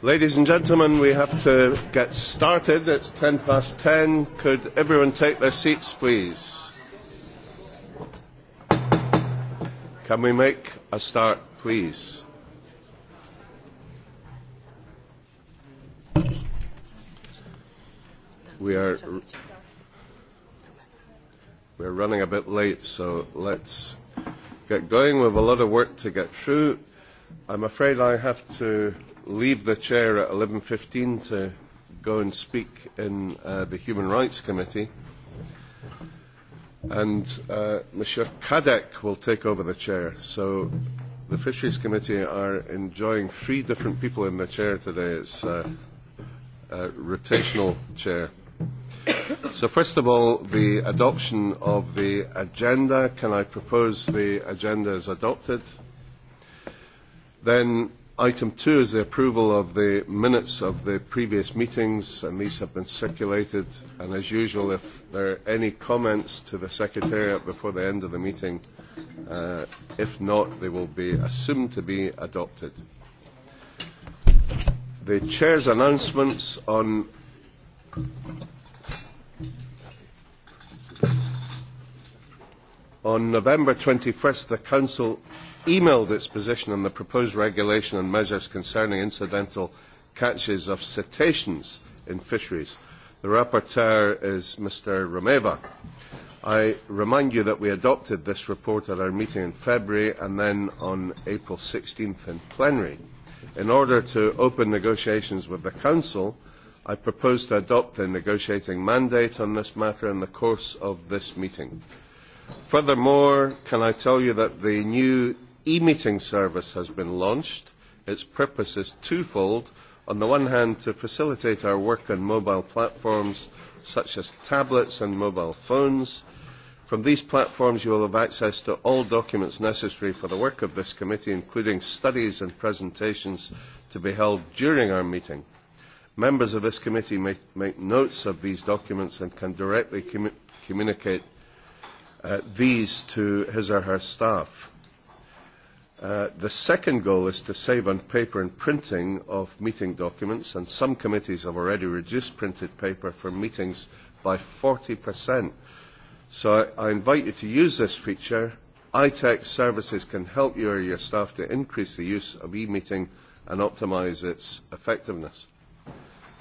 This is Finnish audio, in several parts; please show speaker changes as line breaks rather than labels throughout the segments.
Ladies and gentlemen, we have to get started. It's 10 past 10. Could everyone take their seats, please? Can we make a start, please? We are we're running a bit late, so let's get going. We have a lot of work to get through. I'm afraid I have to leave the chair at 11.15 to go and speak in uh, the Human Rights Committee. And uh, Monsieur Kadek will take over the chair. So the Fisheries Committee are enjoying three different people in the chair today. It's uh, a rotational chair. So first of all, the adoption of the agenda. Can I propose the agenda is adopted? Then item two is the approval of the minutes of the previous meetings, and these have been circulated. And as usual, if there are any comments to the Secretariat before the end of the meeting, uh, if not, they will be assumed to be adopted. The Chair's announcements on on November 21st, the Council emailed its position on the proposed regulation and measures concerning incidental catches of cetaceans in fisheries. The rapporteur is Mr Romeva. I remind you that we adopted this report at our meeting in February and then on April 16th in plenary. In order to open negotiations with the Council, I propose to adopt the negotiating mandate on this matter in the course of this meeting. Furthermore, can I tell you that the new e-meeting service has been launched. Its purpose is twofold. On the one hand, to facilitate our work on mobile platforms such as tablets and mobile phones. From these platforms, you will have access to all documents necessary for the work of this committee, including studies and presentations to be held during our meeting. Members of this committee may make notes of these documents and can directly commu communicate uh, these to his or her staff. Uh, the second goal is to save on paper and printing of meeting documents, and some committees have already reduced printed paper for meetings by 40%. So I, I invite you to use this feature. iTech services can help you or your staff to increase the use of e-meeting and optimise its effectiveness.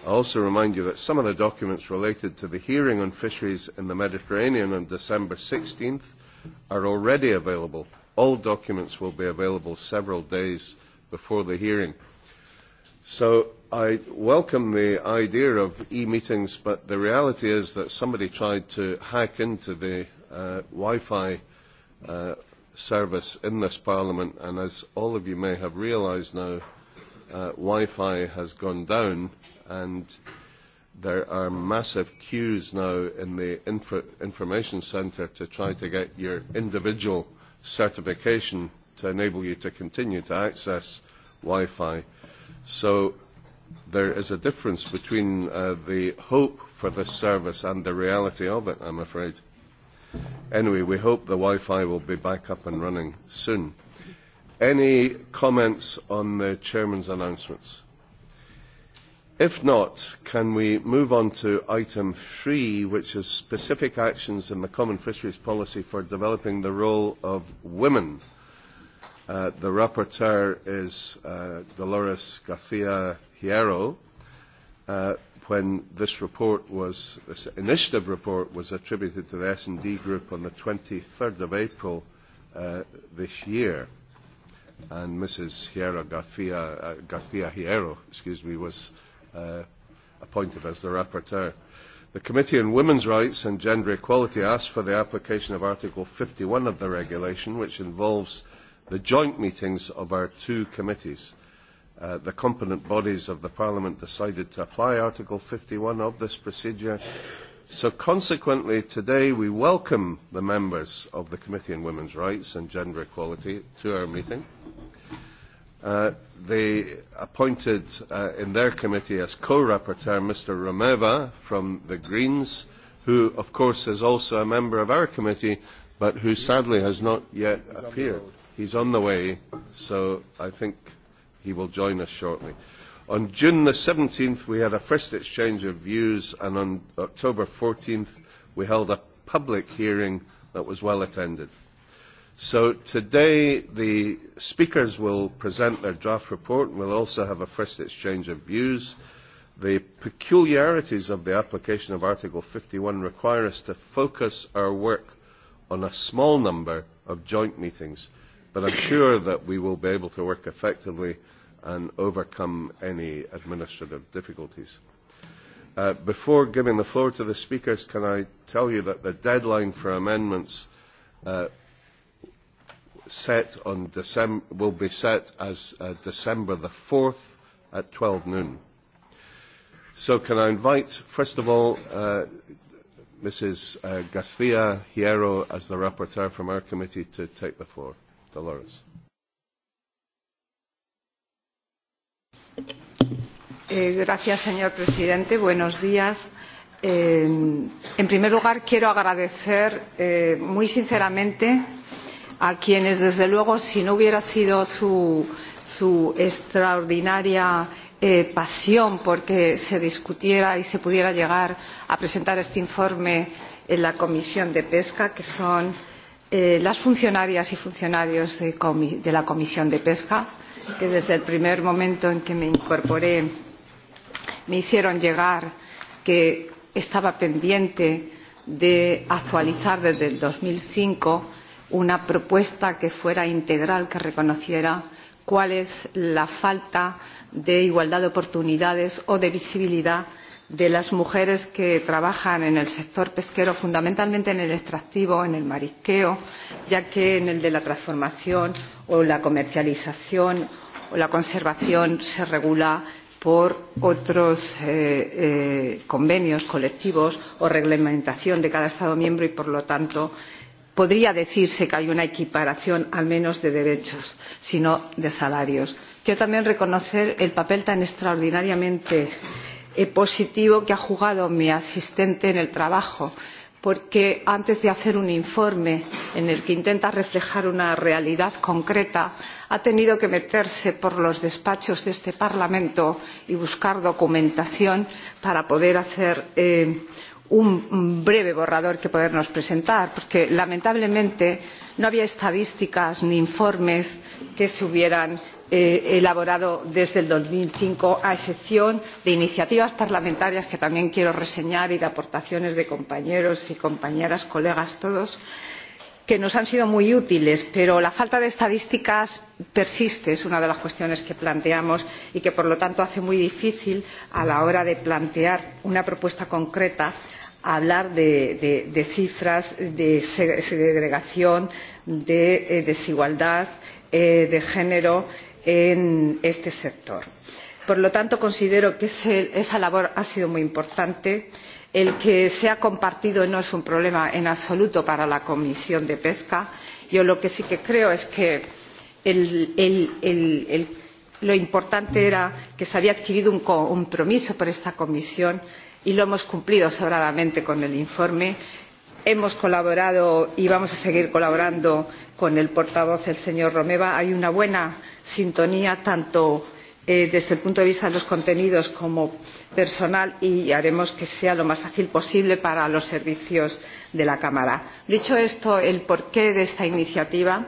I also remind you that some of the documents related to the hearing on fisheries in the Mediterranean on December 16th are already available – All documents will be available several days before the hearing. So I welcome the idea of e-meetings, but the reality is that somebody tried to hack into the uh, Wi-Fi uh, service in this Parliament, and as all of you may have realized now, uh, Wi-Fi has gone down, and there are massive queues now in the infra- information center to try to get your individual uh, certification to enable you to continue to access Wi-Fi. So there is a difference between uh, the hope for this service and the reality of it, I'm afraid. Anyway, we hope the Wi-Fi will be back up and running soon. Any comments on the chairman's announcements? If not, can we move on to item three, which is specific actions in the Common Fisheries Policy for developing the role of women. Uh, the rapporteur is uh, Dolores Garcia Hierro. Uh, when this report was, this initiative report was attributed to the S&D group on the 23rd of April uh, this year and Mrs. Hierro Garcia, uh, Garcia Hierro, excuse me, was uh, appointed as the rapporteur. The Committee on Women's Rights and Gender Equality asked for the application of Article 51 of the regulation, which involves the joint meetings of our two committees. Uh, the competent bodies of the Parliament decided to apply Article 51 of this procedure. So consequently, today we welcome the members of the Committee on Women's Rights and Gender Equality to our meeting. Uh, Uh, they appointed uh, in their committee as co-rapporteur Mr Romeva from the Greens, who of course is also a member of our committee, but who sadly has not yet He's appeared. On He's on the way, so I think he will join us shortly. On June the 17th, we had a first exchange of views, and on October 14th, we held a public hearing that was well attended. So today the speakers will present their draft report and we'll also have a first exchange of views. The peculiarities of the application of Article 51 require us to focus our work on a small number of joint meetings, but I'm sure that we will be able to work effectively and overcome any administrative difficulties. Uh, before giving the floor to the speakers, can I tell you that the deadline for amendments uh, set on Decem will be set as uh, December the 4th at 12 noon. So can I invite, first of all, uh, Mrs. Uh, Garcia Hierro as the rapporteur from our committee to take the floor. Dolores.
Eh, gracias, señor presidente. Buenos días. Eh, en primer lugar, quiero agradecer eh, muy sinceramente a quienes, desde luego, si no hubiera sido su, su extraordinaria eh, pasión porque se discutiera y se pudiera llegar a presentar este informe en la Comisión de Pesca, que son eh, las funcionarias y funcionarios de, de la Comisión de Pesca, que desde el primer momento en que me incorporé me hicieron llegar que estaba pendiente de actualizar desde dos mil cinco una propuesta que fuera integral, que reconociera cuál es la falta de igualdad de oportunidades o de visibilidad de las mujeres que trabajan en el sector pesquero, fundamentalmente en el extractivo, en el marisqueo, ya que en el de la transformación o la comercialización o la conservación se regula por otros eh, eh, convenios colectivos o reglamentación de cada Estado miembro y, por lo tanto, podría decirse que hay una equiparación al menos de derechos si no de salarios. quiero también reconocer el papel tan extraordinariamente eh, positivo que ha jugado mi asistente en el trabajo porque antes de hacer un informe en el que intenta reflejar una realidad concreta ha tenido que meterse por los despachos de este parlamento y buscar documentación para poder hacer eh, un breve borrador que podernos presentar porque lamentablemente no había estadísticas ni informes que se hubieran eh, elaborado desde dos mil cinco a excepción de iniciativas parlamentarias que también quiero reseñar y de aportaciones de compañeros y compañeras colegas todos ellos que nos han sido muy útiles pero la falta de estadísticas persiste es una de las cuestiones que planteamos y que por lo tanto hace muy difícil a la hora de plantear una propuesta concreta hablar de, cifras de segregación de eh, desigualdad eh, de género en este sector. por lo tanto considero que esa labor ha sido muy importante y el que sea compartido no es un problema en absoluto para la comisión de pesca. yo lo que sí que creo es que el, el, el, lo importante era que se había adquirido un compromiso por esta comisión y lo hemos cumplido sobradamente con el informe. hemos colaborado y vamos a seguir colaborando con el portavoz el señor romeva. hay una buena sintonía tanto Eh, desde el punto de vista de los contenidos como personal y haremos que sea lo más fácil posible para los servicios de la Cámara. Dicho esto, el porqué de esta iniciativa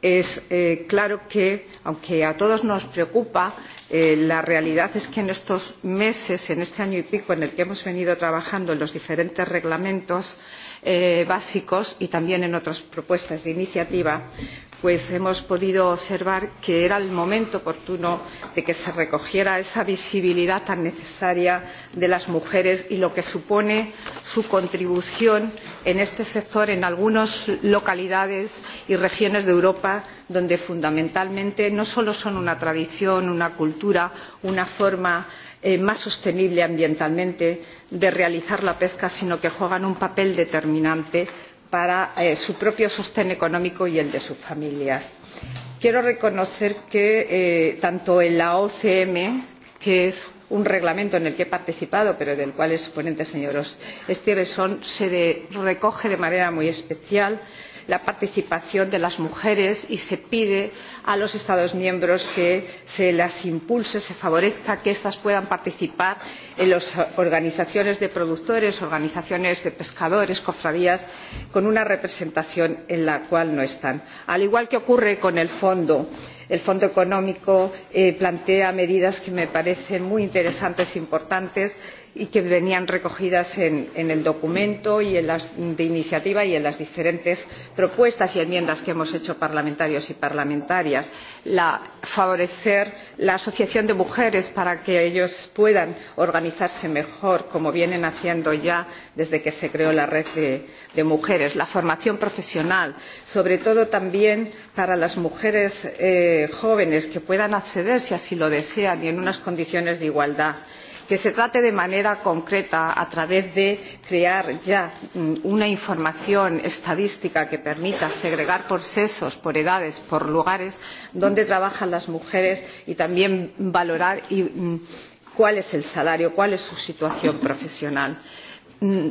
es eh, claro que, aunque a todos nos preocupa, eh, la realidad es que en estos meses, en este año y pico en el que hemos venido trabajando en los diferentes reglamentos, hemos Eh, básicos y también en otras propuestas de iniciativa pues hemos podido observar que era el momento oportuno de que se recogiera esa visibilidad tan necesaria de las mujeres y lo que supone su contribución en este sector en algunas localidades y regiones de europa donde fundamentalmente no solo son una tradición una cultura una forma de Eh, más sostenible ambientalmente de realizar la pesca sino que juegan un papel determinante para eh, su propio sostén económico y el de sus familias. quiero reconocer que eh, tanto en la ocm que es un reglamento en el que he participado pero del cual es ponente el señor stevenson se recoge de manera muy especial el la participación de las mujeres y se pide a los estados miembros que se las impulse se favorezca que estas puedan participar en las organizaciones de productores organizaciones de pescadores cofradías con una representación en la cual no están al igual que ocurre con el fondo el fondo económico eh, plantea medidas que me parecen muy interesantes e importantes como y que venían recogidas en, el documento de iniciativa y en las diferentes propuestas y enmiendas que hemos hecho parlamentarios y parlamentarias la, favorecer la asociación de mujeres para que ellas puedan organizarse mejor como vienen haciendo ya desde que se creó la red de, mujeres la formación profesional sobre todo también para las mujeres eh, jóvenes que puedan acceder si así lo desean y en unas condiciones de igualdad y que se trate de manera concreta a través de crear ya mm, una información estadística que permita segregar por sexos por edades por lugares dónde trabajan las mujeres y también valorar y, mm, cuál es el salario cuál es su situación profesional. Mm,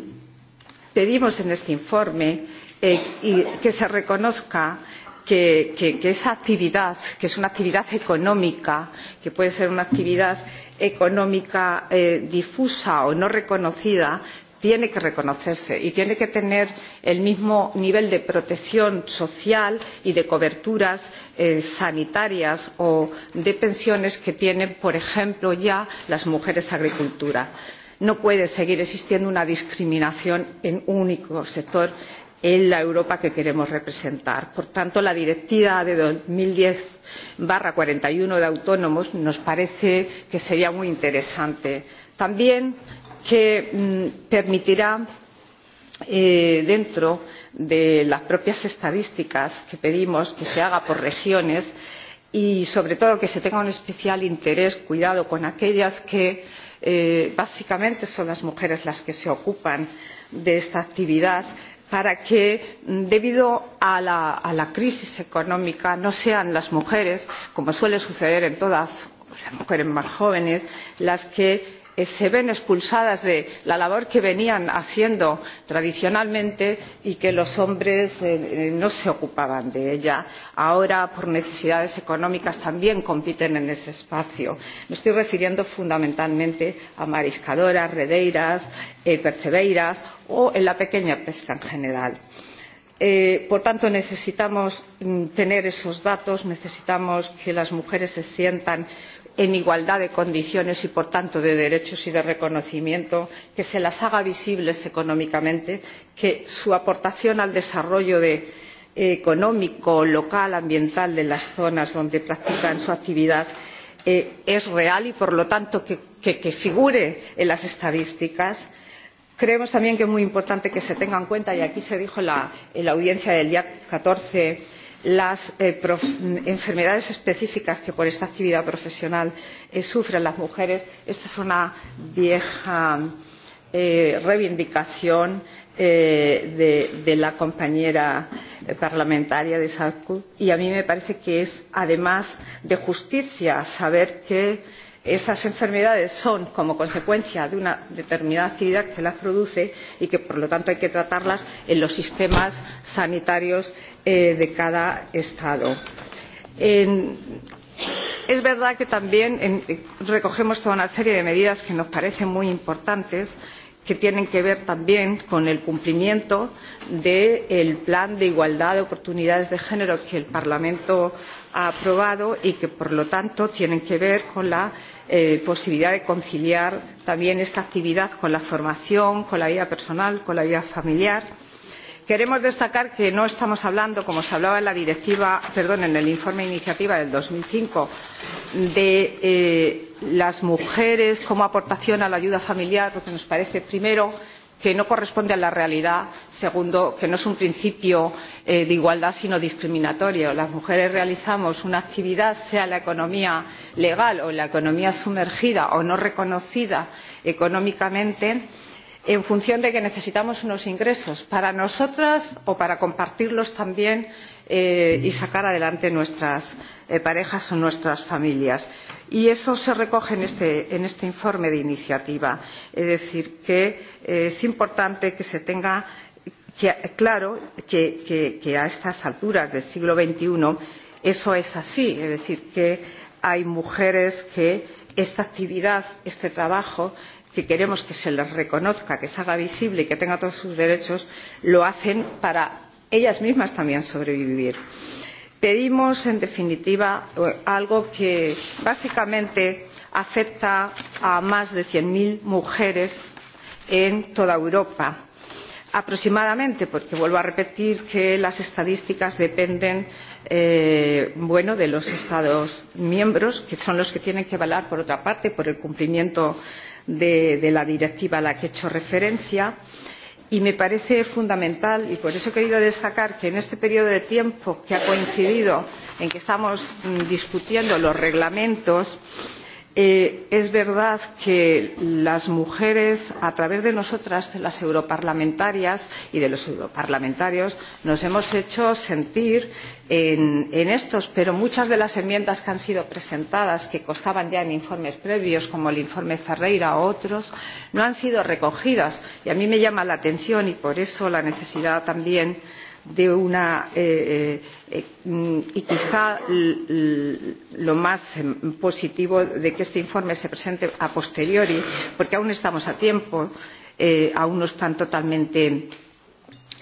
pedimos en este informe eh, que se reconozca que, que, que esa actividad que es una actividad económica que puede ser una actividad económica eh, difusa o no reconocida tiene que reconocerse y tiene que tener el mismo nivel de protección social y de coberturas eh, sanitarias o de pensiones que tienen por ejemplo ya las mujeres agricultoras no puede seguir existiendo una discriminación en un único sector en la europa que queremos representar. por tanto la directiva de dos mil diez cuarenta y uno ce de autónomos nos parece que sería muy interesante. también que mm, permitirá eh, dentro de las propias estadísticas que pedimos que se haga por regiones y sobre todo que se tenga un especial interés y cuidado con aquellas que eh, básicamente son las mujeres las que se ocupan de esta actividad y para que mm, debido a la, crisis económica no sean las mujeres como suele suceder en todas las mujeres más jóvenes las que Eh, se ven expulsadas de la labor que venían haciendo tradicionalmente y que los hombres eh, eh, no se ocupaban de ella. ahora por necesidades económicas también compiten en ese espacio. me estoy refiriendo fundamentalmente a mariscadoras redeiras percebeiras o a la pequeña pesca en general. por tanto necesitamos mm, tener esos datos necesitamos que las mujeres se sientan en igualdad de condiciones y por tanto de derechos y de reconocimiento que se las haga visibles económicamente que su aportación al desarrollo eh, económico local ambiental de las zonas donde practican su actividad eh, es real y por lo tanto que figure en las estadísticas. creemos también que es muy importante que se tenga en cuenta y aquí se dijo en la audiencia del día catorce de las eh, enfermedades específicas que por esta actividad profesional eh, sufren las mujeres esta es una vieja eh, reivindicación eh, de, de la compañera parlamentaria de Sarkozy y a mí me parece que es además de justicia saber que esas enfermedades son como consecuencia de una determinada actividad que las produce y que por lo tanto hay que tratarlas en los sistemas sanitarios eh, de cada estado. es verdad que también eh, recogemos toda una serie de medidas que nos parecen muy importantes que tienen que ver también con el cumplimiento del plan de igualdad de oportunidades de género que el parlamento ha aprobado y que por lo tanto tienen que ver con la eh, posibilidad de conciliar también esta actividad con la formación con la vida personal con la vida familiar. queremos destacar que no estamos hablando como se hablaba en, la directiva, perdón, en el informe de iniciativa de dos mil cinco de eh, las mujeres como aportación a la ayuda familiar porque nos parece primero que no corresponde a la realidad segundo que no es un principio eh, de igualdad sino discriminatorio las mujeres realizamos una actividad sea la economía legal o la economía sumergida o no reconocida económicamente en función de que necesitamos unos ingresos para nosotras o para compartirlos también Eh, y sacar adelante nuestras eh, parejas o nuestras familias. Y eso se recoge en este, informe de iniciativa. Es decir, que eh, es importante que se tenga claro que, que a estas alturas del siglo XXI eso es así. Es decir, que hay mujeres que esta actividad, este trabajo, que queremos que se les reconozca, que se haga visible y que tenga todos sus derechos, lo hacen para ellas mismas también sobrevivir. Pedimos, en definitiva, algo que básicamente afecta a más de 100.000 mujeres en toda Europa aproximadamente porque vuelvo a repetir que las estadísticas dependen eh, bueno, de los estados miembros que son los que tienen que velar por otra parte por el cumplimiento de, de la directiva a la que he hecho referencia y y me parece fundamental y por eso he querido destacar que en este periodo de tiempo que ha coincidido con que estamos mm, discutiendo los reglamentos hemos Eh, es verdad que las mujeres a través de nosotras de las europarlamentarias y de los europarlamentarios nos hemos hecho sentir en, en estos pero muchas de las enmiendas que han sido presentadas que constaban ya en informes previos como el informe ferreira u otros no han sido recogidas y a mí me llama la atención y por eso la necesidad también de de una eh, eh, eh mm, y quizá lo más eh, positivo de que este informe se presente a posteriori porque aún estamos a tiempo eh, aún no están totalmente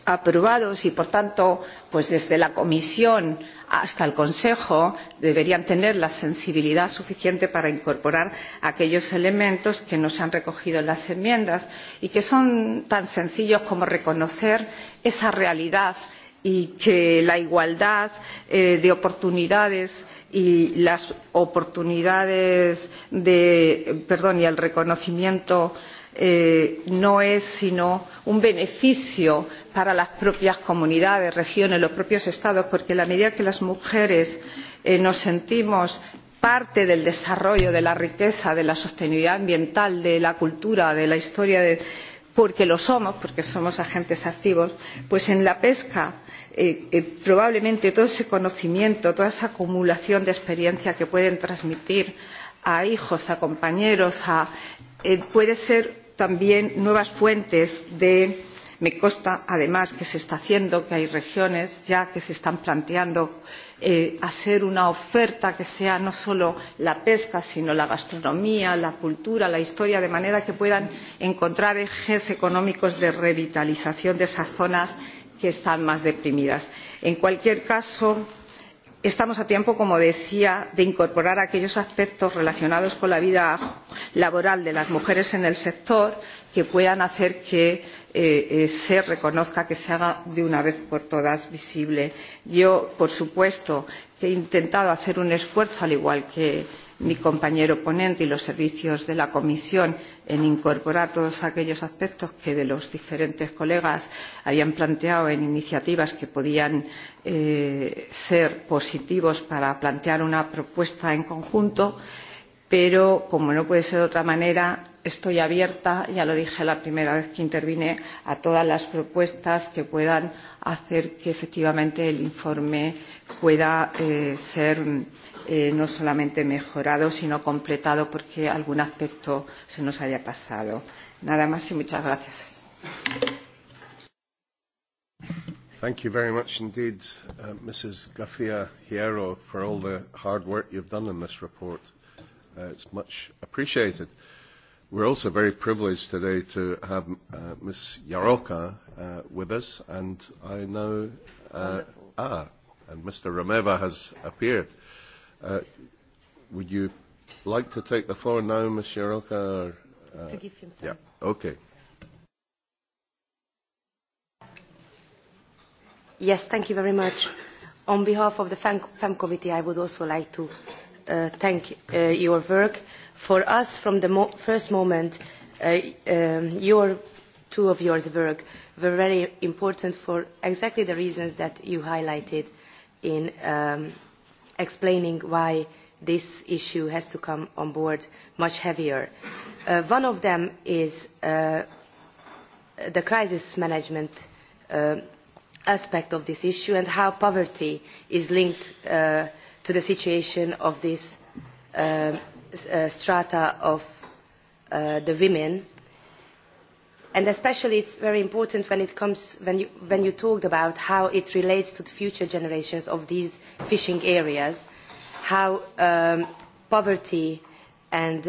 aprobados y por tanto pues desde la comisión hasta el consejo deberían tener la sensibilidad suficiente para incorporar aquellos elementos que no se han recogido en las enmiendas y que son tan sencillos como reconocer esa realidad y que la igualdad eh, de oportunidades y las oportunidades de perdón y el reconocimiento de eh, no es sino un beneficio para las propias comunidades regiones los propios estados porque en la medida en que las mujeres eh, nos sentimos parte del desarrollo de la riqueza de la sostenibilidad ambiental de la cultura de la historia de, porque lo somos porque somos agentes activos pues en la pesca Eh, eh, probablemente todo ese conocimiento toda esa acumulación de experiencia que pueden transmitir a hijos a compañeros a, eh, puede ser también nuevas fuentes de me consta además que se está haciendo que hay regiones ya que se están planteando eh, hacer una oferta que sea no solo la pesca sino la gastronomía la cultura la historia de manera que puedan encontrar ejes económicos de revitalización de esas zonas que están más deprimidas. en cualquier caso quiero estamos a tiempo como decía de incorporar aquellos aspectos relacionados con la vida laboral de las mujeres en el sector que puedan hacer que eh, eh, se reconozca que se haga de una vez por todas visible. yo por supuesto he intentado hacer un esfuerzo al igual que mi compañero ponente y los servicios de la comisión en incorporar todos aquellos aspectos que los diferentes colegas habían planteado en iniciativas que podían eh, ser positivos para plantear una propuesta en conjunto pero como no puede ser de otra manera estoy abierta ya lo dije la primera vez que intervine a todas las propuestas que puedan hacer que efectivamente el informe pueda eh, ser mejorado eh, no solamente mejorado, sino completado porque algún aspecto se nos haya pasado. Nada más y muchas gracias.
Thank you very much indeed, uh, Mrs. Gafia Hierro, for all the hard work you've done in this report. Uh, it's much appreciated. We're also very privileged today to have uh, Ms. Yaroka uh, with us, and I know. Uh, ah, and Mr. Rameva has appeared. Uh, would you like to take the floor now, Ms. Shiroka? Or, uh, to give him some. Yeah, okay.
Yes, thank you very much. On behalf of the FEM, FEM committee, I would also like to uh, thank uh, your work. For us, from the mo first moment, uh, um, your two of yours work were very important for exactly the reasons that you highlighted in um, explaining why this issue has to come on board much heavier. Uh, one of them is uh, the crisis management uh, aspect of this issue and how poverty is linked uh, to the situation of this uh, uh, strata of the women and especially it is very important when, you, when talked about how it relates to the future generations of these fishing areas, how um, poverty um,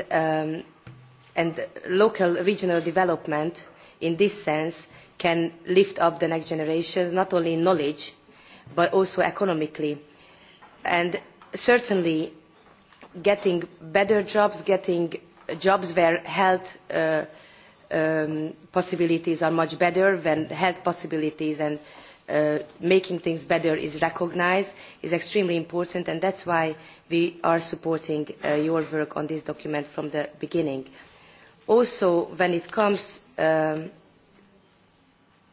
and, local regional development in this sense can lift up the next generation, not only in knowledge, but also economically. And certainly getting better jobs, getting jobs where health uh, um, possibilities are much better, when health possibilities and uh, making things better is recognised, is extremely important, and that's why we are supporting uh, your work on this document from the beginning. Also, when it comes um,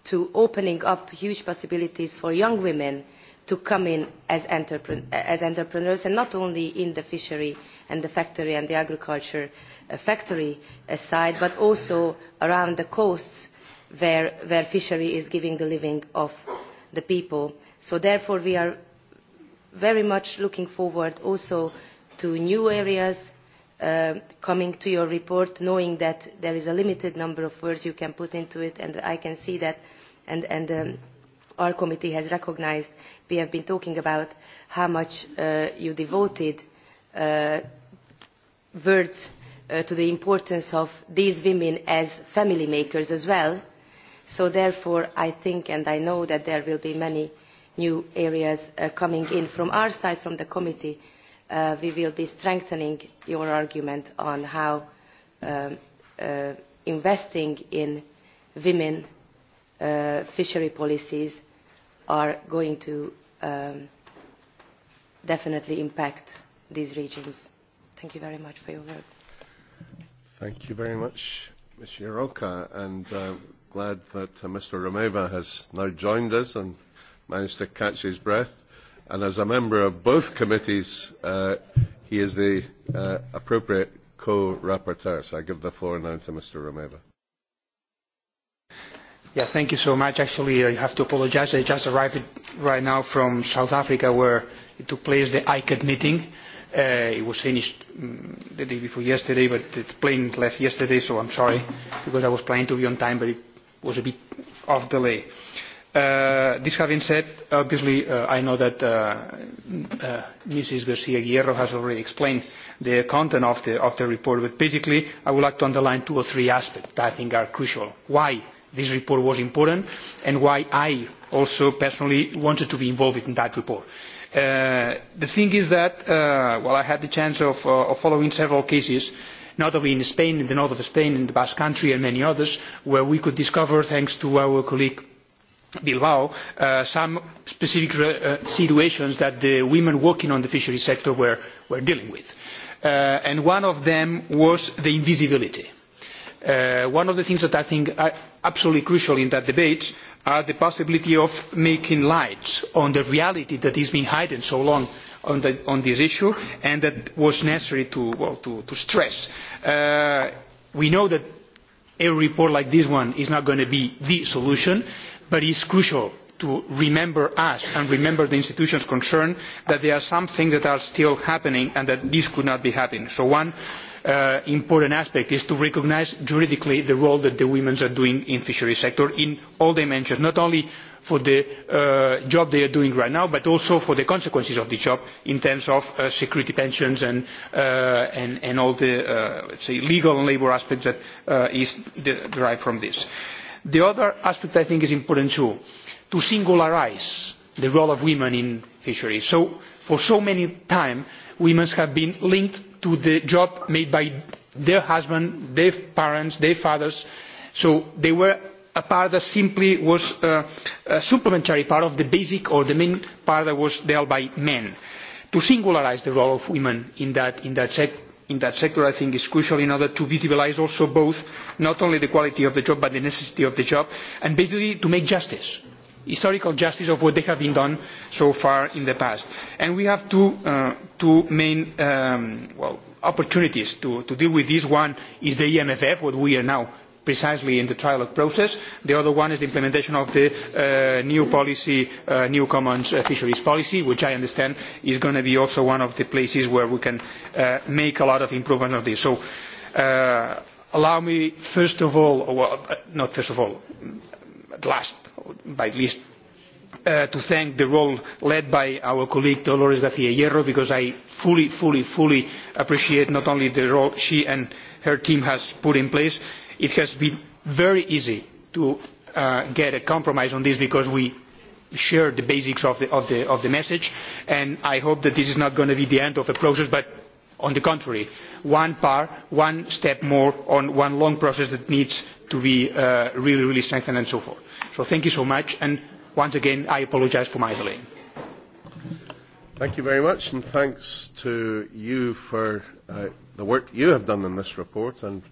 to opening up huge possibilities for young women to come in as, entrepre as entrepreneurs, and not only in the fishery uh, and the factory and the agriculture uh, factory side, but also around the coasts where, where fishery is giving the living of the people. So therefore we are very much looking forward also to new areas uh, coming to your report, knowing that there is a limited number of words you can put into it, and I can see that, and, and um, our committee has recognized, we have been talking about how much uh, you devoted Uh, words uh, to the importance of these women as family makers as well. So therefore, I think and I know that there will be many new areas uh, coming in. From our side, from the committee, we will be strengthening your argument on how um, investing in women fishery policies are going to um, definitely impact these regions. Thank you very much for your work.
Thank you very much, Ms. Yaroka, and uh, glad that uh, Mr. Romeva has now joined us and managed to catch his breath. And as a member of both committees, uh, he is the uh, appropriate co-rapporteur. So I give the floor now to Mr. Romeva.
Yeah, thank you so much. Actually, I have to apologize. I just arrived right now from South Africa where it took place the ICAD meeting Uh, it was finished um, the day before yesterday, but the plane left yesterday, so I'm sorry, because I was planning to be on time, but it was a bit off delay. Uh, this having said, obviously, uh, I know that uh, uh, Mrs. Garcia Guerrero has already explained the content of the, of the report, but basically, I would like to underline two or three aspects that I think are crucial. Why this report was important, and why I also personally wanted to be involved in that report Uh, the thing is that uh, well, I had the chance uh, of, following several cases, notably in Spain, in the north of Spain, in the Basque Country, and many others, where we could discover, thanks to our colleague Bilbao, uh, some specific situations that the women working on the fisheries sector were, dealing with. and one of them was the invisibility. one of the things that I think are absolutely crucial in that debate are the possibility of making light on the reality that has been hidden so long on, this issue and that was necessary to, stress. Uh, we know that a report like this one is not going to be the solution, but it is crucial to remember us and remember the institutions concerned that there are some things that are still happening and that this could not be happening. So one, Uh, important aspect is to recognise juridically the role that women are playing in the fisheries sector in all dimensions not only for the uh, job they are doing right now but also for the consequences of the job in terms of uh, security pensions and, all the legal and labour aspects that is derived from this. the other aspect that i think is important too is to singularise the role of women in fisheries. for so many times women have been linked to the job made by their husbands their parents their fathers so they were a part that simply was uh, a supplementary part of the basic or the main part that was dealt by men. To singularise the role of women in that, in that, sec in that sector I think is crucial in order to visibilise also both not only the quality of the job but the necessity of the job and basically to make justice historical justice of what they have been done so far in the past. And we have two, uh, two main um, well, opportunities to, to deal with this. One is the EMFF, what we are now precisely in the trilogue process. The other one is the implementation of the uh, new policy, uh, new common uh, fisheries policy, which I understand is going to be also one of the places where we can uh, make a lot of improvement on this. So uh, allow me first of all, well, uh, not first of all, at last, by at least uh, to thank the role led by our colleague Dolores garca Hierro because I fully, fully, appreciate not only the role she and her team have put in place. It has been very easy to uh, get a compromise on this because we share the basics of the, message and I hope that this is not going to be the end of the process but on the contrary one part one step more on one long process that needs to be uh, really really strengthened and so forth. So thank you so much, and once again, I apologise for my delay. Thank you
very much, and thanks to you for uh, the work you have done in this report. And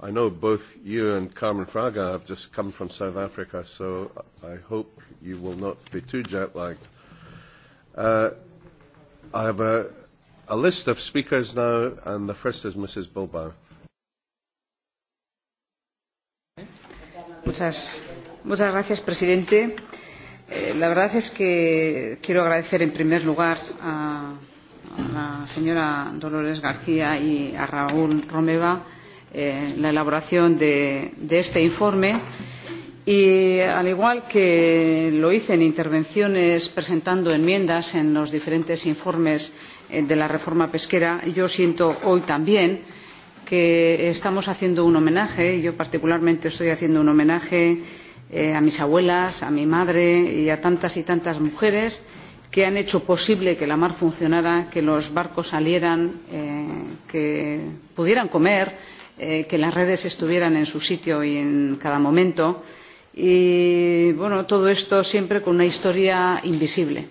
I know both you and Carmen Fraga have just come from South Africa, so I hope you will not be too jet lagged. Uh, I have a, a list of speakers now, and the first is Mrs. Bilbao.
Muchas señor presidente eh, la verdad es que quiero agradecer en primer lugar a la señora dolores garcía y a raül romeva eh, la elaboración de este informe y al igual que lo hice en intervenciones presentando enmiendas en los diferentes informes eh, de la reforma pesquera yo siento hoy también que estamos haciendo un homenaje yo particularmente estoy haciendo un homenaje a Eh, a mis abuelas, a mi madre y a tantas y tantas mujeres que han hecho posible que la mar funcionara, que los barcos salieran, eh, que pudieran comer, eh, que las redes estuvieran en su sitio y en cada momento. Y todo esto siempre con una historia invisible.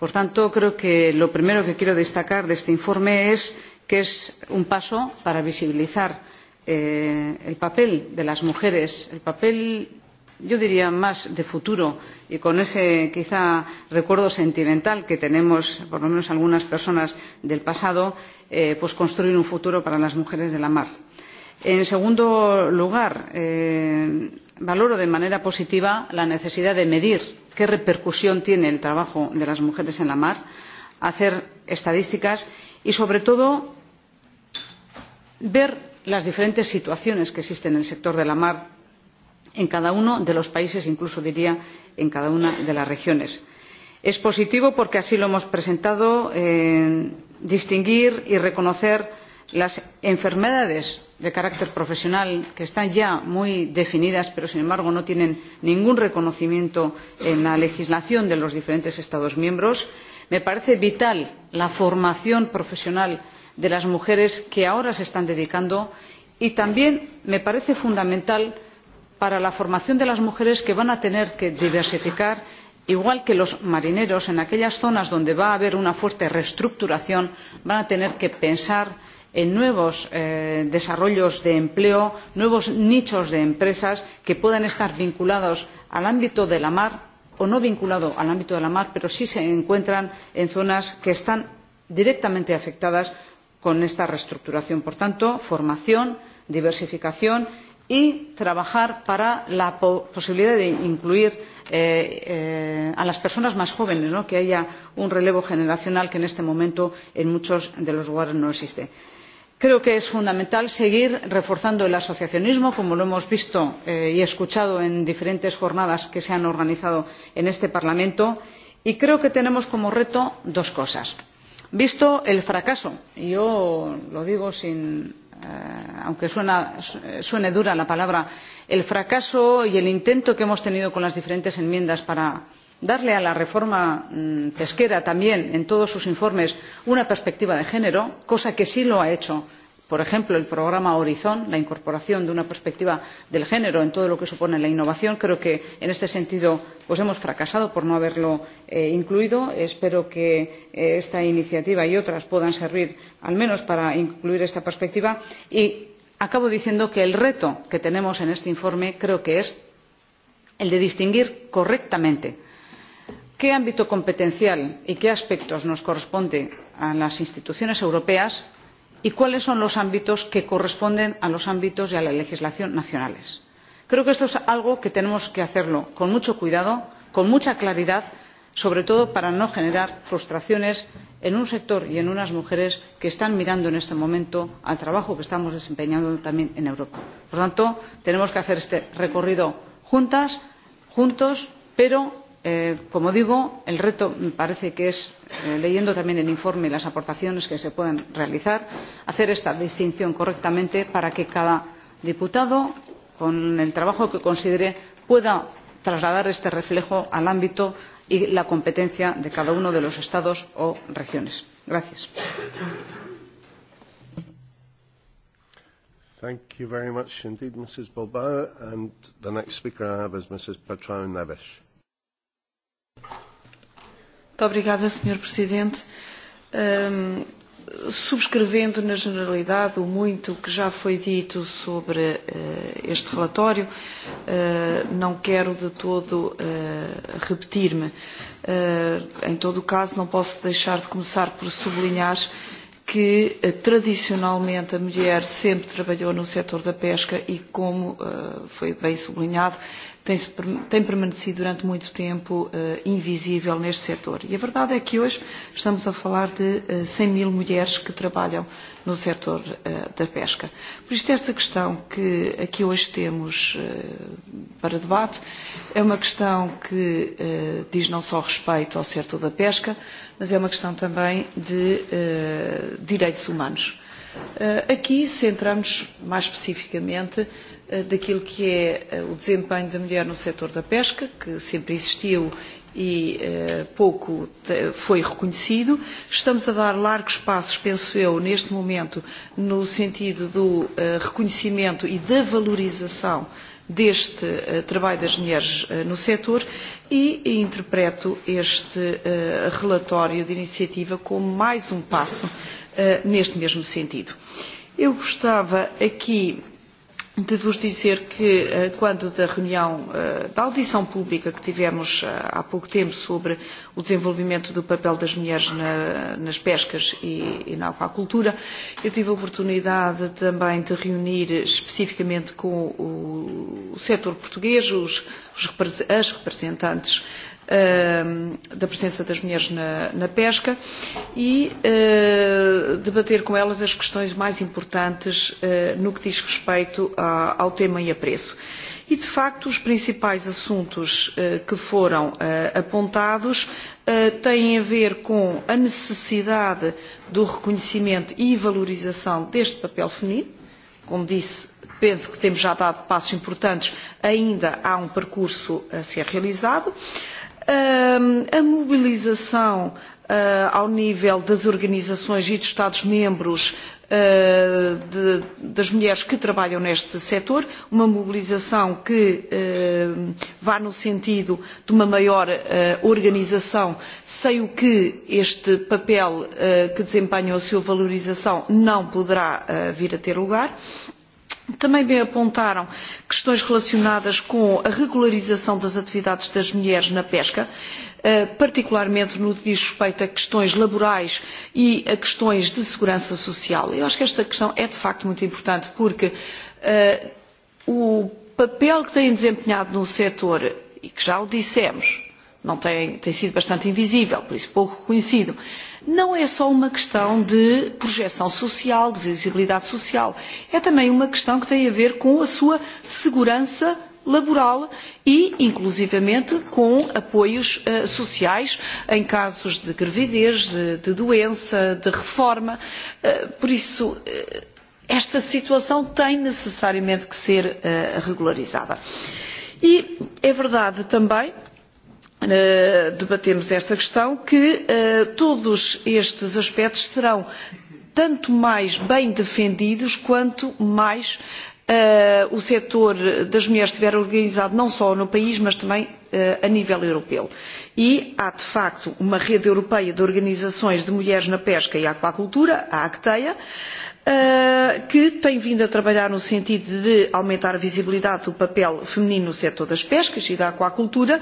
Por tanto, creo que lo primero que quiero destacar de este informe es que es un paso para visibilizar el papel de las mujeres, el papel yo diría más de futuro y con ese quizá recuerdo sentimental que tenemos por lo menos algunas personas del pasado eh, pues construir un futuro para las mujeres de la mar. en segundo lugar eh, valoro de manera positiva la necesidad de medir qué repercusión tiene el trabajo de las mujeres en la mar hacer estadísticas y sobre todo ver las diferentes situaciones que existen en el sector de la mar en cada uno de los países incluso diría en cada una de las regiones. es positivo porque así lo hemos presentado eh, distinguir y reconocer las enfermedades de carácter profesional que están ya muy definidas pero sin embargo no tienen ningún reconocimiento en la legislación de los diferentes estados miembros. me parece vital la formación profesional de las mujeres que ahora se están dedicando a y también me parece fundamental para la formación de las mujeres que van a tener que diversificar igual que los marineros en aquellas zonas donde va a haber una fuerte reestructuración van a tener que pensar en nuevos eh, desarrollos de empleo nuevos nichos de empresas que puedan estar vinculados al ámbito de la mar o no vinculados al ámbito de la mar pero sí se encuentran en zonas que están directamente afectadas por esta reestructuración. por tanto formación diversificación y y trabajar para la posibilidad de incluir eh, eh, a las personas más jóvenes, ¿no? que haya un relevo generacional que en este momento en muchos de los lugares no existe creo que es fundamental seguir reforzando el asociacionismo como lo hemos visto eh, y escuchado en diferentes jornadas que se han organizado en este parlamento y creo que tenemos como reto dos cosas visto el fracaso yo lo digo sin Eh, aunque suene dura la palabra el fracaso y el intento que hemos tenido con las diferentes enmiendas para darle a la reforma mm, pesquera también en todos sus informes una perspectiva de género cosa que sí lo ha hecho por ejemplo el programa horizonte la incorporación de una perspectiva de género en todo lo que supone la innovación creo que en este sentido hemos fracasado por no haberlo eh, incluido. espero que eh, esta iniciativa y otras puedan servir al menos para incluir esta perspectiva y acabo diciendo que el reto que tenemos en este informe creo que es el de distinguir correctamente qué ámbito competencial y qué aspectos nos corresponden a las instituciones europeas y cuáles son los ámbitos que corresponden a los ámbitos y a la legislación nacionales. creo que esto es algo que tenemos que hacer con mucho cuidado con mucha claridad sobre todo para no generar frustraciones en un sector y en unas mujeres que están mirando en este momento al trabajo que estamos desempeñando también en europa. por tanto tenemos que hacer este recorrido juntas juntos pero Eh, como digo el reto me parece que es eh, leyendo también el informe y las aportaciones que se puedan realizar hacer esta distinción correctamente para que cada diputado con el trabajo que considere pueda trasladar este reflejo al ámbito y la competencia de cada uno de los estados o regiones. Gracias.
Thank you very much indeed, Mrs. Bilbao. And the next speaker I have is Mrs. Patrao Neves.
Obrigada, Sr. Presidente. Um, subscrevendo na generalidade o muito que já foi dito sobre uh, este relatório, uh, não quero de todo uh, repetir-me. Uh, em todo o caso, não posso deixar de começar por sublinhar que tradicionalmente a mulher sempre trabalhou no setor da pesca e, como uh, foi bem sublinhado, tem, tem permanecido durante muito tempo uh, invisível neste setor. E a verdade é que hoje estamos a falar de uh, eh, 100 mil mulheres que trabalham no setor uh, da pesca. Por isto, esta questão que aqui hoje temos uh, para debate é uma questão que uh, diz não só respeito ao setor da pesca, mas é uma questão também de uh, direitos humanos Eh, aqui centramos mais especificamente eh, daquilo que é eh, o desempenho da mulher no setor da pesca, que sempre existiu e pouco foi reconhecido. Estamos a dar largos passos, penso eu, neste momento, no sentido do reconhecimento e da valorização deste trabalho das mulheres no setor e, interpreto este relatório de iniciativa como mais um passo Eh, neste mesmo sentido. Eu gostava aqui de vos dizer que, eh, quando da reunião eh, da audição pública que tivemos há pouco tempo sobre o desenvolvimento do papel das mulheres na, nas pescas e, e na aquacultura, eu tive a oportunidade também de reunir especificamente com o, o setor português, os, os, as representantes uh, Ehm, da presença das mulheres na, na pesca e uh, debater com elas as questões mais importantes uh, no que diz respeito a, ao tema e a preço. E, de facto, os principais assuntos uh, que foram uh, apontados uh, têm a ver com a necessidade do reconhecimento e valorização deste papel feminino. Como disse, penso que temos já dado passos importantes, ainda há um percurso a ser realizado. Uh, a mobilização ah, ao nível das organizações e dos estados membros ah, das mulheres que trabalham neste setor, uma mobilização que vá no sentido de uma maior ah, organização, sem o que este papel que desempenham a sua valorização não poderá vir a ter lugar. e Também bem apontaram questões relacionadas com a regularização das atividades das mulheres na pesca, eh, particularmente no que diz respeito a questões laborais e a questões de segurança social. Eu acho que esta questão é de facto muito importante porque uh, o papel que têm desempenhado no setor, e que já o dissemos, não tem, tem sido bastante invisível, por isso pouco conhecido, uh, não é só uma questão de projeção social, de visibilidade social. É também uma questão que tem a ver com a sua segurança laboral e, inclusivamente, com apoios uh, sociais em casos de gravidez, de, de doença, de reforma. Uh, por isso, uh, esta situação tem necessariamente que ser uh, regularizada. E é verdade também Eh, debatemos esta questão que eh, todos estes aspectos serão tanto mais bem defendidos quanto mais eh, o setor das mulheres estiver organizado não só no país, mas também a nível europeu. E há, de facto, uma rede europeia de organizações de mulheres na pesca e aquacultura, a acteia Eh, que tem vindo a trabalhar no sentido de aumentar a visibilidade do papel feminino no setor das pescas e da aquacultura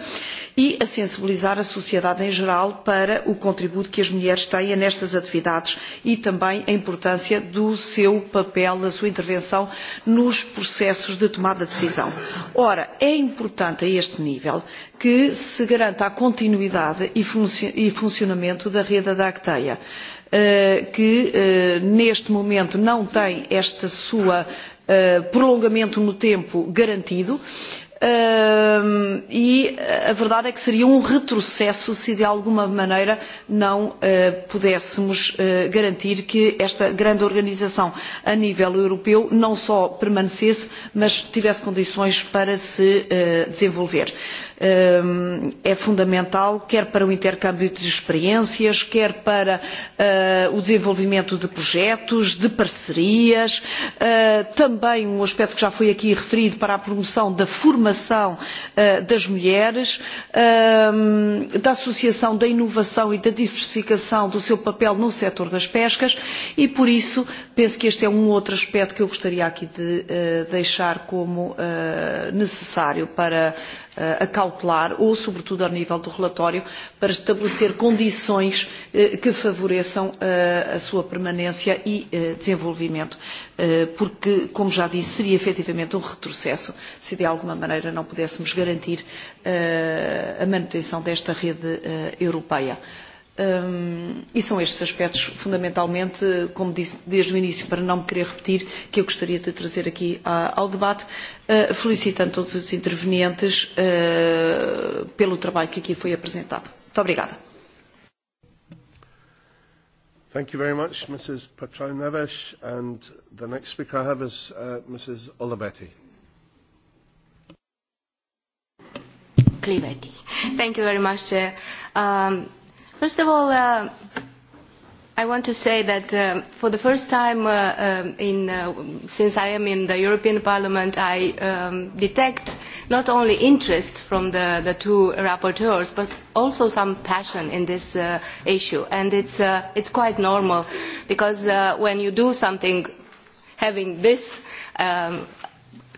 e a sensibilizar a sociedade em geral para o contributo que as mulheres têm nestas atividades e também a importância do seu papel, da sua intervenção nos processos de tomada de decisão. Ora, é importante a este nível que se garanta a continuidade e, e funcionamento da rede da Acteia Eh, que eh, neste momento não tem este seu eh, prolongamento no tempo garantido e a verdade é que seria um retrocesso se de alguma maneira não pudéssemos garantir que esta grande organização a nível europeu não só permanecesse mas tivesse condições para se desenvolver. Ehm, é fundamental, quer para o intercâmbio de experiências, quer para eh, o desenvolvimento de projetos, de parcerias, eh, também um aspecto que já foi aqui referido para a promoção da formação eh, das mulheres, ehm, da associação da inovação e da diversificação do seu papel no setor das pescas e, por isso, penso que este é um outro aspecto que eu gostaria aqui de deixar como necessário para Eh, a cautelar ou, sobretudo, ao nível do relatório, para estabelecer condições eh, que favoreçam eh, a sua permanência e desenvolvimento, porque, como já disse, seria efetivamente um retrocesso se de alguma maneira não pudéssemos garantir a manutenção desta rede europeia Um, e são estes aspectos, fundamentalmente, como disse desde o início, para não me querer repetir, que eu gostaria de trazer aqui a, ao debate, uh, felicitando todos os intervenientes uh, pelo trabalho que aqui foi apresentado. Muito obrigada.
Thank you very much, Mrs. Patron Neves. And the next speaker I have is uh, Mrs. Olivetti.
Clivetti. Thank you very much, Chair. Um, First of all, uh, I want to say that uh, for the first time uh, uh, in, uh, since I am in the European Parliament, I um, detect not only interest from the, the two rapporteurs, but also some passion in this uh, issue. And it's, uh, it's quite normal, because uh, when you do something having this um,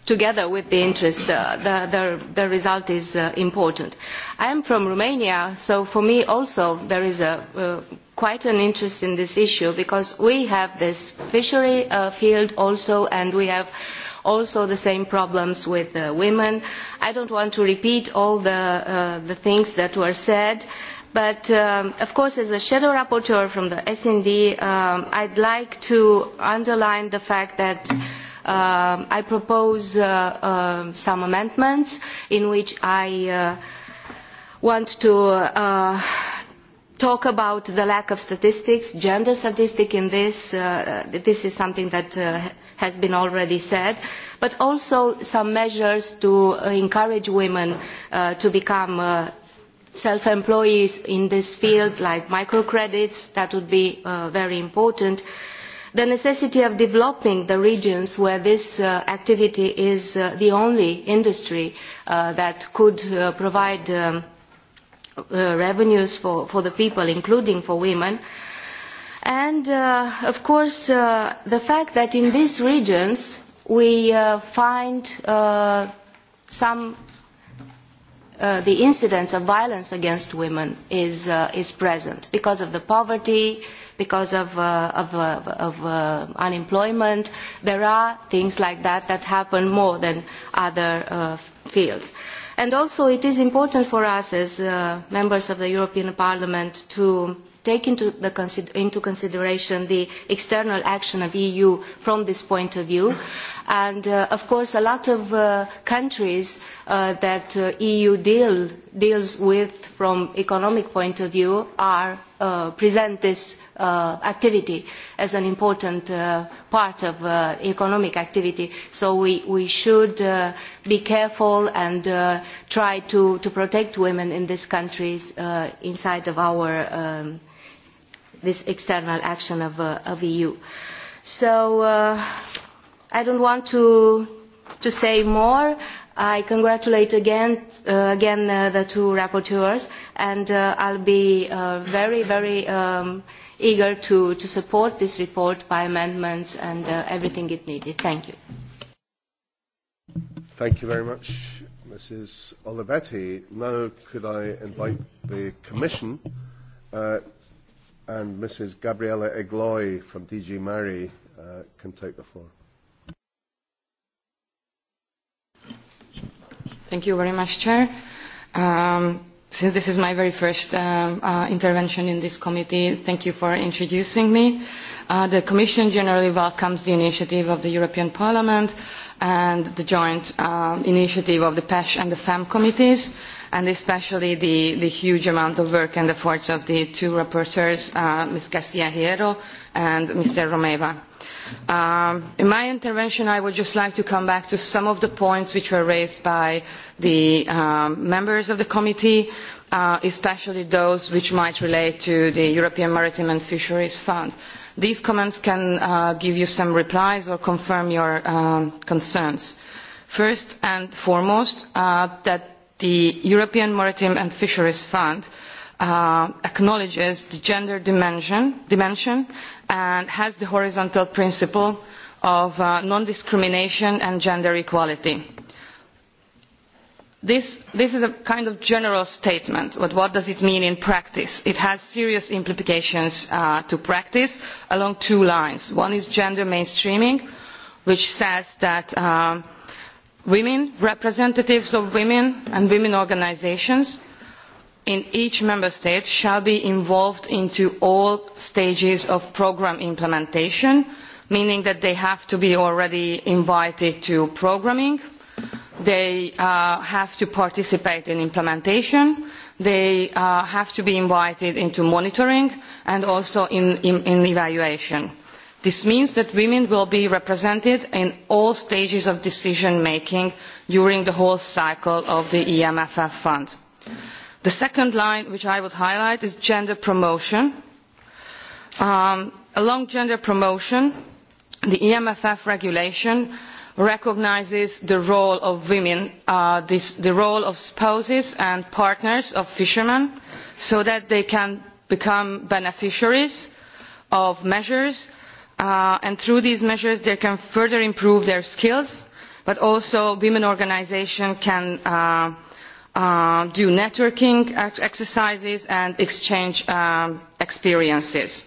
together with the interest uh, the, the, the result is uh, important. I am from Romania so for me also there is a, uh, quite an interest in this issue because we have this fishery uh, field also and we have also the same problems with uh, women. I don't want to repeat all the, uh, the things that were said but um, of course as a shadow rapporteur from the S&D um, I'd like to underline the fact that Um, I propose uh, uh, some amendments in which I uh, want to uh, talk about the lack of statistics, gender statistics in this. Uh, this is something that has been already said, but also some measures to encourage women to become self employees in this field like microcredits that would be uh, very important the necessity of developing the regions where this uh, activity is uh, the only industry uh, that could uh, provide um, uh, revenues for, for the people, including for women. And uh, of course, uh, the fact that in these regions we uh, find uh, some Uh, the incidence of violence against women is, uh, is present because of the poverty, uh, because of, uh, of, uh, of uh, unemployment. There are things like that that happen more than other uh, fields. And also it is important for us as uh, members of the European Parliament to take into, the, into consideration the external action of EU from this point of view and uh, of course a lot of uh, countries uh, that the uh, EU deal, deals with from economic point of view are, uh, present this uh, activity as an important part of economic activity. So we, we should be careful and try to, to, protect women in these countries inside of our um, this external action of, uh, of EU. So I don't want to, to say more. I congratulate again, uh, again uh, the two rapporteurs, and uh, I'll be uh, very, very um, eager to, to support this report by amendments and uh, everything it needed. Thank you.
Thank you very much, Mrs. Olivetti. Now, could I invite the Commission uh, and Mrs. Gabriella Egloy from DG Mari uh, can take the floor.
Thank you very much, Chair. Um, since this is my very first uh, uh, intervention in this committee, thank you for introducing me. Uh, the Commission generally welcomes the initiative of the European Parliament and the joint uh, initiative of the PESH and the FEM committees, and especially the, the huge amount of work and efforts of the two rapporteurs, uh, Ms. Garcia Hierro and Mr. Romeva. Um, in my intervention, I would just like to come back to some of the points which were raised by the um, members of the committee, uh, especially those which might relate to the European Maritime and Fisheries Fund. These comments can uh, give you some replies or confirm your um, concerns. First and foremost, uh, that the European Maritime and Fisheries Fund acknowledges the gender dimension and has the horizontal principle of uh, non discrimination and gender equality. This, is a kind of general statement but what does it mean in practice? it has serious implications for uh, practice along two lines. one is gender mainstreaming which says that um, women representatives of women and women organisations in each member state shall be involved in all stages of programme implementation meaning that they have to be already invited to programming they uh, have to participate in implementation they uh, have to be invited into monitoring and also in, in, in evaluation. this means that women will be represented in all stages of decision making during the whole cycle of the emff fund the second line which i would highlight is gender promotion. Um, along gender promotion the emff regulation recognises the role of women uh, this, the role of spouses and partners of fishermen so that they can become beneficiaries of measures uh, and through these measures they can further improve their skills but also women organisations can uh, Uh, do networking exercises and exchange um, experiences.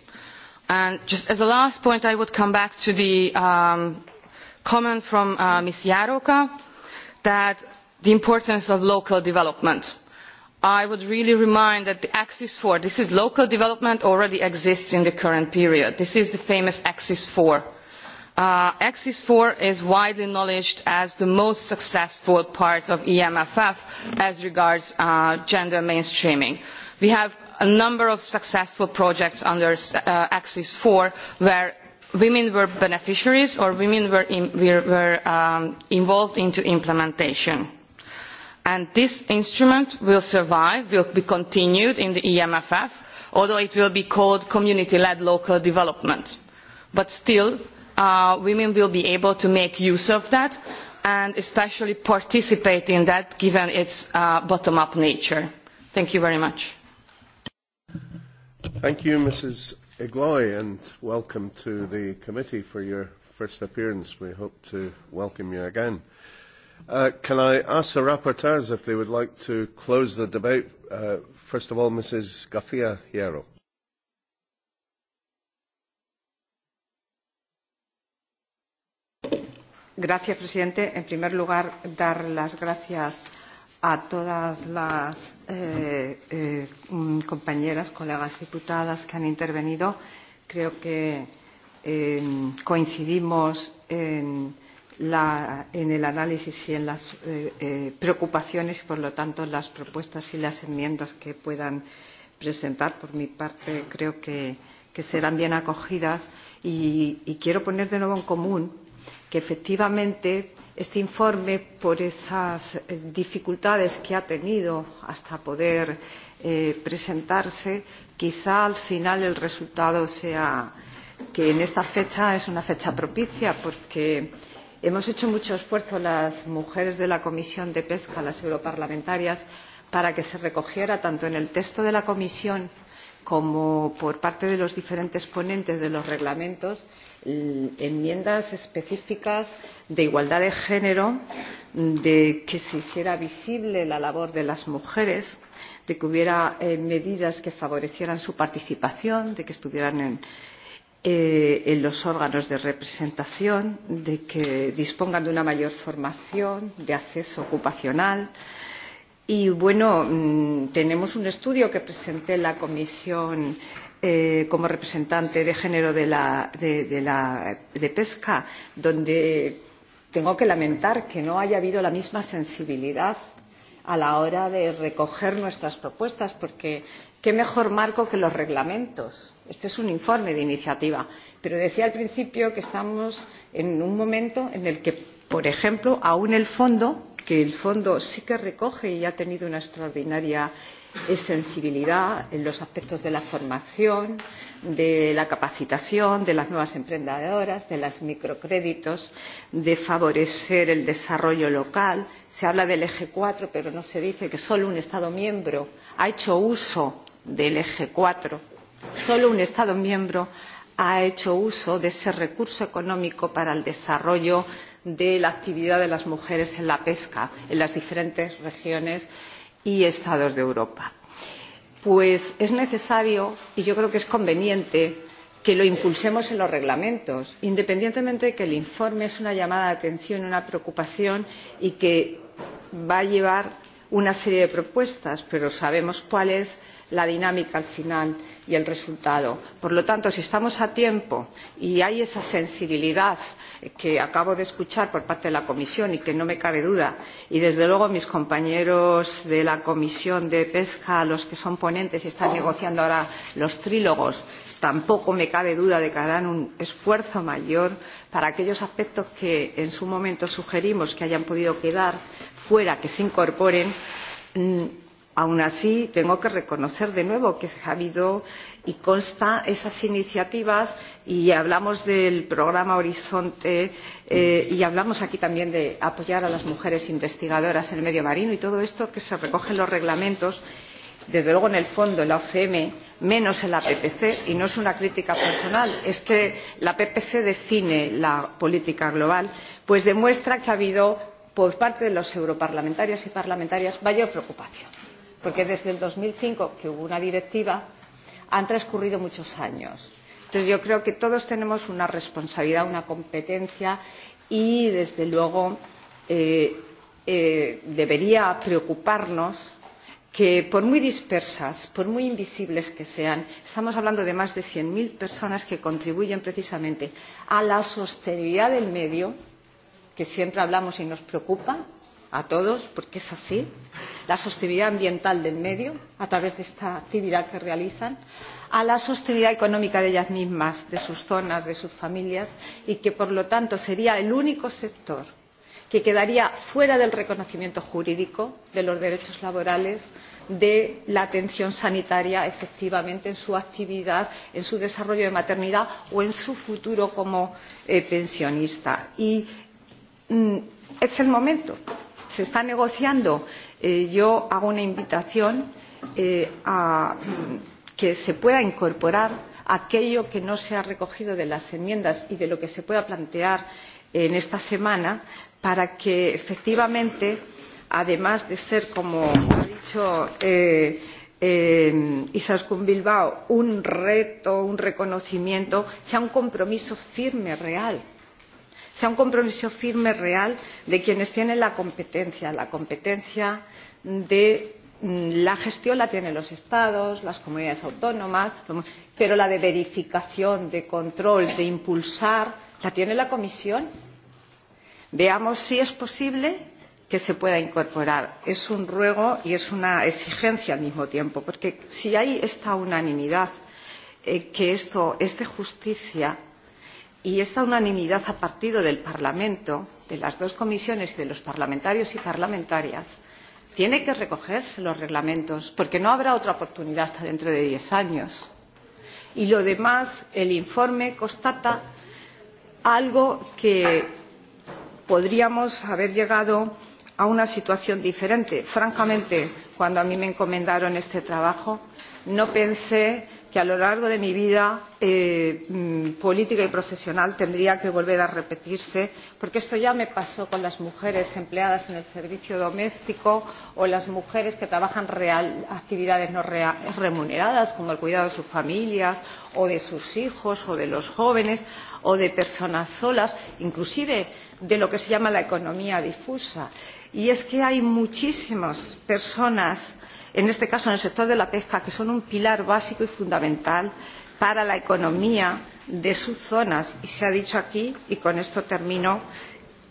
And just as a last point, I would come back to the um, comment from uh, Ms. Jaroka that the importance of local development. I would really remind that the Axis 4, this is local development already exists in the current period. This is the famous Axis 4 Uh, axis four is widely acknowledged as the most successful part of the emff as regards uh, gender mainstreaming. we have a number of successful projects under uh, axis four where women were beneficiaries or women were, um, involved in implementation. And this instrument will survive and will be continued in the emff although it will be called community led local development but still Uh, women will be able to make use of that and especially participate in that given its uh, bottom up nature. Thank you very much.
Thank you, Mrs. Igloy, and welcome to the committee for your first appearance. We hope to welcome you again. Uh, can I ask the rapporteurs if they would like to close the debate? Uh, first of all, Mrs. Gafia Hierro.
señor presidente. En primer lugar, quiero dar las gracias a todas las eh, eh, mm, compañeras, colegas diputadas que han intervenido. Creo que coincidimos en, el análisis y en las eh, eh, preocupaciones y, por lo tanto, las propuestas y las enmiendas que puedan presentar. Por mi parte, creo que, serán bien acogidas y quiero poner de nuevo en común que efectivamente este informe, por esas eh, dificultades que ha tenido hasta poder eh, presentarse, quizá al final el resultado sea que en esta fecha es una fecha propicia porque hemos hecho mucho esfuerzo las mujeres de la Comisión de Pesca, las europarlamentarias, para que se recogiera tanto en el texto de la Comisión como por parte de los diferentes ponentes de los reglamentos mm, enmiendas específicas de igualdad de género mm, de que se hiciera visible la labor de las mujeres de que hubiera eh, medidas que favorecieran su participación de que estuvieran en, eh, en los órganos de representación de que dispongan de una mayor formación de acceso ocupacional de Y bueno, mm, tenemos un estudio que presenté en la comisión eh, como representante de género de, la, de, de, la, de pesca, donde tengo que lamentar que no haya habido la misma sensibilidad a la hora de recoger nuestras propuestas, porque qué mejor marco que los reglamentos. Este es un informe de iniciativa, pero decía al principio que estamos en un momento en el que, por ejemplo, aún el fondo que el fondo sí que recoge y ha tenido una extraordinaria sensibilidad en los aspectos de la formación de la capacitación de las nuevas emprendedoras de los microcréditos de favorecer el desarrollo local se habla del eje cuatro pero no se dice que solo un estado miembro ha hecho uso del eje cuatro solo un estado miembro ha hecho uso de ese recurso económico para el desarrollo de de la actividad de las mujeres en la pesca en las diferentes regiones y estados de Europa. Pues es necesario y yo creo que es conveniente que lo impulsemos en los reglamentos, independientemente de que el informe es una llamada de atención, una preocupación y que va a llevar una serie de propuestas pero sabemos cuál es la dinámica al final y el resultado. por lo tanto si estamos a tiempo y hay esa sensibilidad que acabo de escuchar por parte de la comisión y que no me cabe duda y desde luego mis compañeros de la comisión de pesca los que son ponentes y están negociando ahora los trílogos tampoco me cabe duda de que harán un esfuerzo mayor para aquellos aspectos que en su momento sugerimos que hayan podido quedar fuera que se incorporen mm, aun así tengo que reconocer de nuevo que ha habido y consta esas iniciativas y hablamos del programa horizonte eh, y hablamos aquí también de apoyar a las mujeres investigadoras en el medio marino y todo esto que se recoge en los reglamentos desde luego en el fondo en la ocm menos en la ppc y no es una crítica personal es que la ppc define la política global pues demuestra que ha habido por parte de los europarlamentarios y parlamentarias mayor preocupación porque desde dos mil cinco que hubo una directiva han transcurrido muchos años. entonces yo creo que todos tenemos una responsabilidad una competencia y desde luego eh, eh, debería preocuparnos que por muy dispersas, por muy invisibles que sean, estamos hablando de más de 100.000 personas que contribuyen precisamente a la sostenibilidad del medio, que siempre hablamos y nos preocupa a todos, porque es así, la sostenibilidad ambiental del medio a través de esta actividad que realizan, a la sostenibilidad económica de ellas mismas, de sus zonas, de sus familias, y que, por lo tanto, sería el único sector que quedaría fuera del reconocimiento jurídico de los derechos laborales de la atención sanitaria efectivamente en su actividad en su desarrollo de maternidad o en su futuro como eh, pensionista. y mm, es el momento se está negociando. Eh, yo hago una invitación eh, a mm, que se pueda incorporar aquello que no se ha recogido de las enmiendas y de lo que se pueda plantear en esta semana para que efectivamente además de ser como ha dicho eh, eh, Izaskun Bilbao un reto, un reconocimiento, sea un compromiso firme, real sea un compromiso firme, real, de quienes tienen la competencia. La competencia de mm, la gestión la tienen los estados las comunidades autónomas pero la de verificación de control de impulsar la tiene la comisión. Veamos si es posible que se pueda incorporar. Es un ruego y es una exigencia al mismo tiempo, porque si hay esta unanimidad eh, que esto es de justicia y esta unanimidad ha partido del Parlamento, de las dos comisiones y de los parlamentarios y parlamentarias, tiene que recogerse los reglamentos, porque no habrá otra oportunidad hasta dentro de diez años. Y lo demás, el informe constata algo que podríamos haber llegado a una situación diferente. francamente cuando a mí me encomendaron este trabajo no pensé que a lo largo de mi vida eh, mm, política y profesional tendría que volver a repetirse porque esto ya me pasó con las mujeres empleadas en el servicio doméstico o las mujeres que trabajan real, actividades no real, remuneradas como el cuidado de sus familias o de sus hijos o de los jóvenes o de personas solas inclusive de lo que se llama la economía difusa y es que hay muchísimas personas que en este caso en el sector de la pesca que son un pilar básico y fundamental para la economía de sus zonas y se ha dicho aquí y con esto termino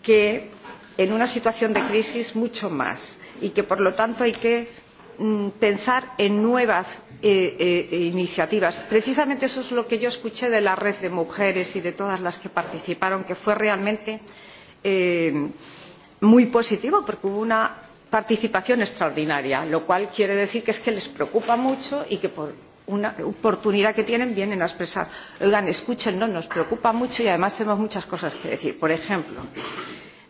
que en una situación de crisis mucho más y que por lo tanto hay que mm, pensar en nuevas eh, eh, iniciativas. precisamente eso es lo que yo escuché de la red de mujeres y de todas las que participaron que fue realmente eh, muy positivo porque hubo una participación extraordinaria lo cual quiere decir que, es que les preocupa mucho y que por una oportunidad que tienen vienen a expresar oigan escúchennos nos preocupa mucho y además tenemos muchas cosas que decir. por ejemplo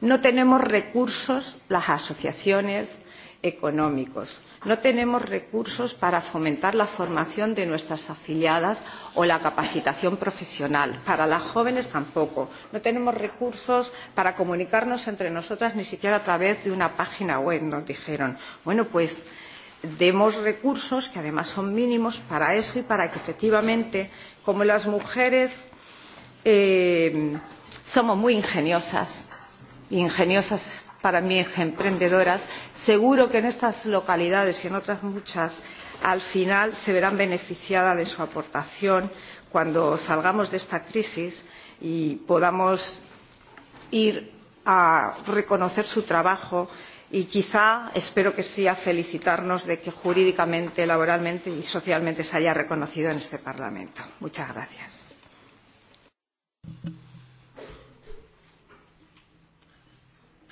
no tenemos recursos las asociaciones económicos no tenemos recursos para fomentar la formación de nuestras afiliadas o la capacitación profesional para las jóvenes tampoco no tenemos recursos para comunicarnos entre nosotras ni siquiera a través de una página web nos dijeron. bueno pues demos recursos que además son mínimos para eso y para que efectivamente como las mujeres eh, somos muy ingeniosas ingeniosas para mí emprendedoras seguro que en estas localidades y en otras muchas al final se verán beneficiadas de su aportación cuando salgamos de esta crisis y podamos ir a reconocer su trabajo y quizá espero que sí a felicitarnos de que jurídicamente laboralmente y socialmente se haya reconocido en este parlamento. muchas gracias.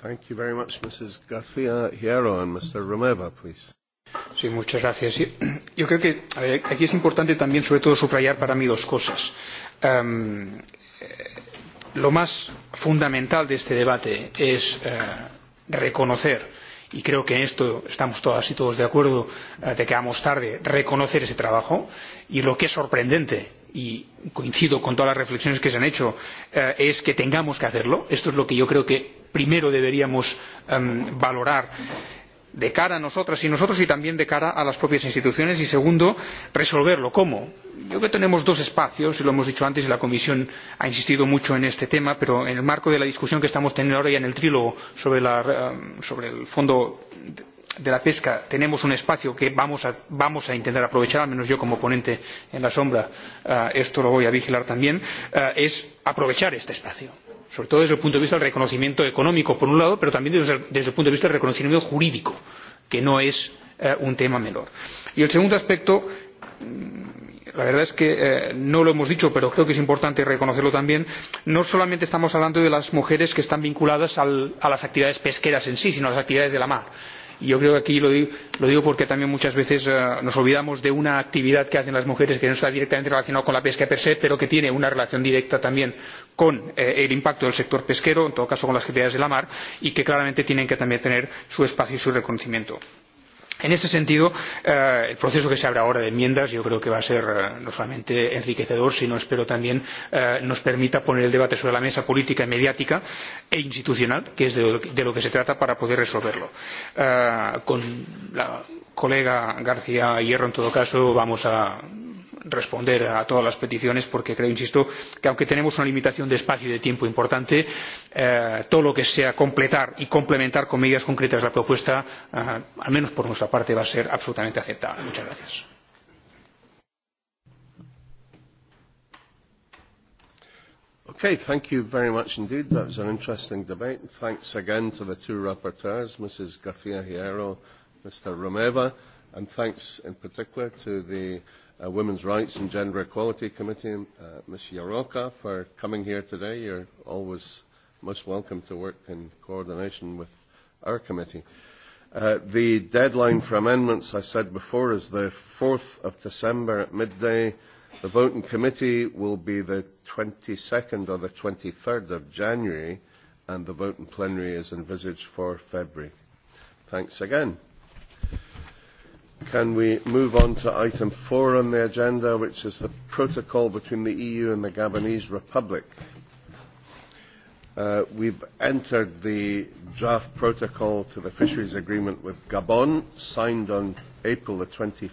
Thank
you very much, Mrs. García Hierro and Mr. Romeva, please. Sí, muchas gracias. yo creo que aquí es importante también, sobre todo, subrayar para mí dos cosas. Um, lo más fundamental de este debate es eh, reconocer y creo que en esto estamos todas y todos de acuerdo eh, de que vamos tarde reconocer ese trabajo y lo que es sorprendente y coincido con todas las reflexiones que se han hecho eh, es que tengamos que hacerlo esto es lo que yo creo que primero deberíamos valorar de cara a nosotras y nosotros y también de cara a las propias instituciones y segundo resolverlo. cómo? yo creo que tenemos dos espacios y lo hemos dicho antes y la comisión ha insistido mucho en este tema pero en el marco de la discusión que estamos teniendo ahora y en el trílogo sobre, sobre el fondo de la pesca tenemos un espacio que vamos a, vamos a intentar aprovechar al menos yo como ponente en la sombra eh, esto lo voy a vigilar también eh, es aprovechar este espacio sobre todo desde el punto de vista del reconocimiento económico por un lado pero también desde, el punto de vista del reconocimiento jurídico que no es eh, un tema menor. y el segundo aspecto mm, la verdad es que eh, no lo hemos dicho pero creo que es importante reconocerlo también no solamente estamos hablando de las mujeres que están vinculadas a las actividades pesqueras en sí sino a las actividades de la mar yo creo que aquí lo digo, porque también muchas veces eh, nos olvidamos de una actividad que hacen las mujeres que no está directamente relacionada con la pesca per se pero que tiene una relación directa también con eh, el impacto del sector pesquero en todo caso con las actividades de la mar y que claramente tienen que también tener su espacio y su reconocimiento. En este sentido, eh, el proceso que se abre ahora de enmiendas yo creo que va a ser eh, no solamente enriquecedor, sino espero también eh, nos permita poner el debate sobre la mesa política, mediática e institucional, que es de lo, de lo que se trata para poder resolverlo. Eh, con la colega García Hierro, en todo caso, vamos a responder a todas las peticiones porque creo insisto que aunque tenemos una limitación de espacio y de tiempo importante eh, todo lo que sea completar y complementar con medidas concretas la propuesta eh, al menos por nuestra parte va a ser absolutamente aceptable. muchas gracias.
Okay, thank you very much indeed. That was an interesting debate. Thanks again to the two rapporteurs, Mrs. Garcia Hierro, Mr. Romeva, and thanks in particular to the uh, Women's Rights and Gender Equality Committee, um, uh, Ms. Yaroka, for coming here today. You're always most welcome to work in coordination with our committee. Uh, the deadline for amendments, I said before, is the 4th of December at midday. The vote in committee will be the 22nd or the 23rd of January, and the vote in plenary is envisaged for February. Thanks again. Can we move on to item four on the agenda, which is the protocol between the EU and the Gabonese Republic? Uh, we've entered the draft
protocol to the fisheries agreement with Gabon, signed on April the 24